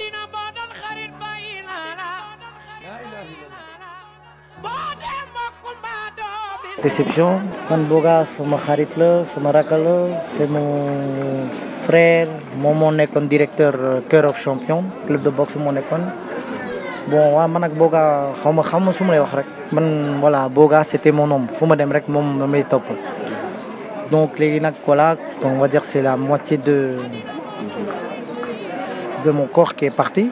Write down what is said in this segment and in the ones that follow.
dina boo doon xarit bàyyi naa la boo dee eh, mbokk mbaa doo bi déception man Boga suma xarit la suma rakk la c'est mon frère moom moo nekkoon directeur euh, Cœur of Champion club de boxe moo nekkoon bon waaw man ak Boga xaw ma xaw ma su ma lay wax rek man voilà Boga c'était mon homme fu ma dem rek moom ma may topp donc léegi nag voilà on va dire c'est la moitié de de mon corps qui est parti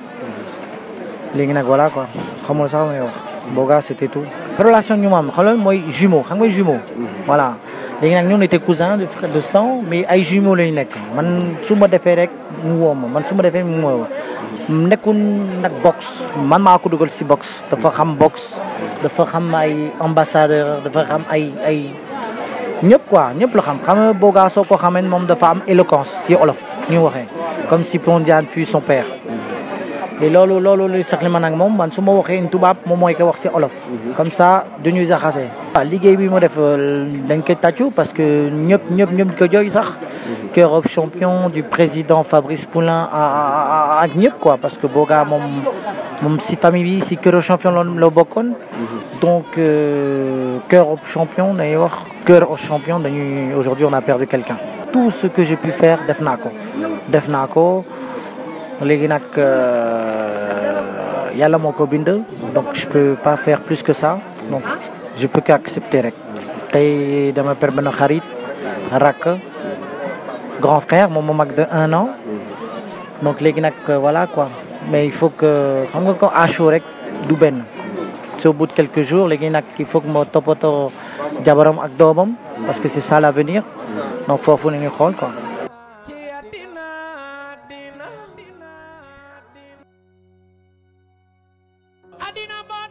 léegi nag voilà quoi xamul sax may wax boogaa c'était tout relation ñu ma am xam nga mooy jumeau xam nga jumeau voilà léegi nag ñun était cousin de frère de sang mais ay jumeau lañu nekk man su ma defee rek mu woo ma man su ma defee mu woo ma nekkul nag boxe man maa ko dugal si boxe dafa xam boxe dafa xam ay ambassadeur dafa xam ay ay ñëpp quoi ñëpp la xam xam nga boogaa soo ko xamee moom dafa am éloquence ci olof ñu waxee comme si Pondiane fut son père. te loolu loolu luy sax li ma nag moom man su ma waxee tubaab moom mooy ko wax si olof. Mhm. comme ça du ñuy jaxase. waaw liggéey bi mu def euh, dañ koy tàccu parce que ñëpp ñëpp ñëpp ko jooy sax. Mhm. cœur of champion du président Fabrice Poulain à ak ñëpp quoi parce que Boga moom moom si famille bi si cœur of champion la bokkoon. Mhm. donc euh, cœur of champion dañuy wax. cœur of champion dañuy aujourd'hui on a perdu quelqu'un tout ce que j'ai pu faire def naa ko def naa ko léegi nag euh, yàlla moo ko bind donc je peux pas faire plus que ça donc je peux qu'accepter rek tey dama per benn xarit rakk grand frère moom ma mag de un an donc léegi nag euh, voilà quoi mais il faut que xam nga ko à chaud rek du benn c'est au bout de quelques jours léegi nag il faut que ma toppatoo jabaram ak doomam parce que c'est ça l'avenir donc foofu ni ñu xool quoi.